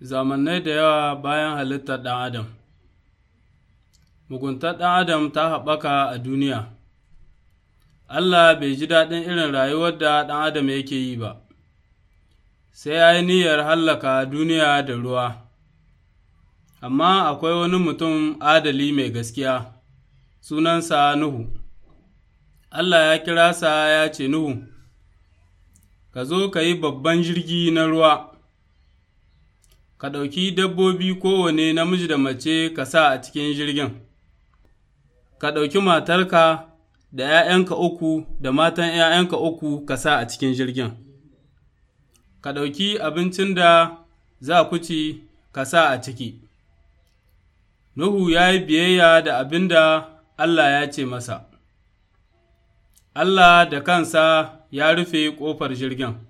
zamanai da yawa bayan halittar ɗan adam muguntar ɗan adam ta haɓaka a duniya allah bai ji daɗin irin rayuwar da ɗan adam yake yi ba sai ya yi niyyar hallaka duniya da ruwa amma akwai wani mutum adali mai gaskiya sunansa nuhu allah ya kira sa ya ce nuhu ka zo ka yi babban jirgi na ruwa ka ɗauki dabbobi kowane namiji da mace ka sa a cikin jirgin, ka ɗauki matarka da ’ya'yanka uku da matan ’ya'yanka uku ka sa a cikin jirgin, ka ɗauki abincin da za ku ci ka sa a ciki. Nuhu ya yi biyayya da abin da Allah ya ce masa, Allah da kansa ya rufe ƙofar jirgin.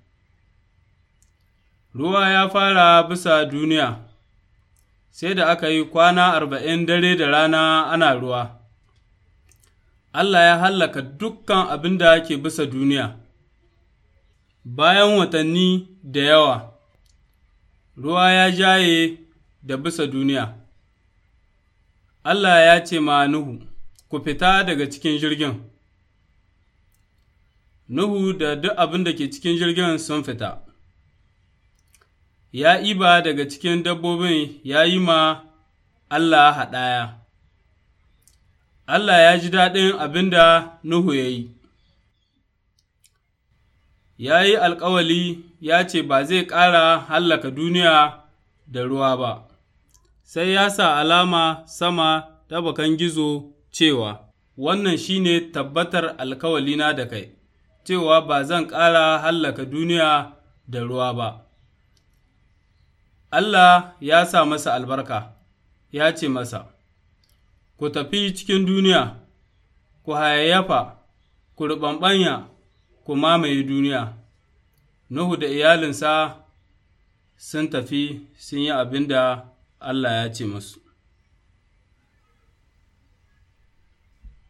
ruwa ya fara bisa duniya, sai da aka yi kwana arba'in dare da rana ana ruwa. Allah ya hallaka dukkan abin da ke bisa duniya. Bayan watanni da yawa, ruwa ya jaye da bisa duniya. Allah ya ce ma Nuhu, Ku fita daga cikin jirgin. Nuhu da duk abin da ke cikin jirgin sun fita. ya iba daga cikin dabbobin ya yi ma Allah haɗaya. Allah ya ji daɗin abin da Nuhu ya yi, ya yi alkawali ya ce ba zai ƙara hallaka duniya da ruwa ba, sai ya sa alama sama ta bakan gizo cewa, Wannan shi ne tabbatar alkawalina da kai, cewa ba zan ƙara hallaka duniya da ruwa ba. Allah ya sa masa albarka, ya ce masa, Ku tafi cikin duniya, ku hayayyafa, ku ruɓanɓanya, ku mamaye duniya. Nuhu da iyalinsa sun tafi sun yi abin da Allah ya ce musu.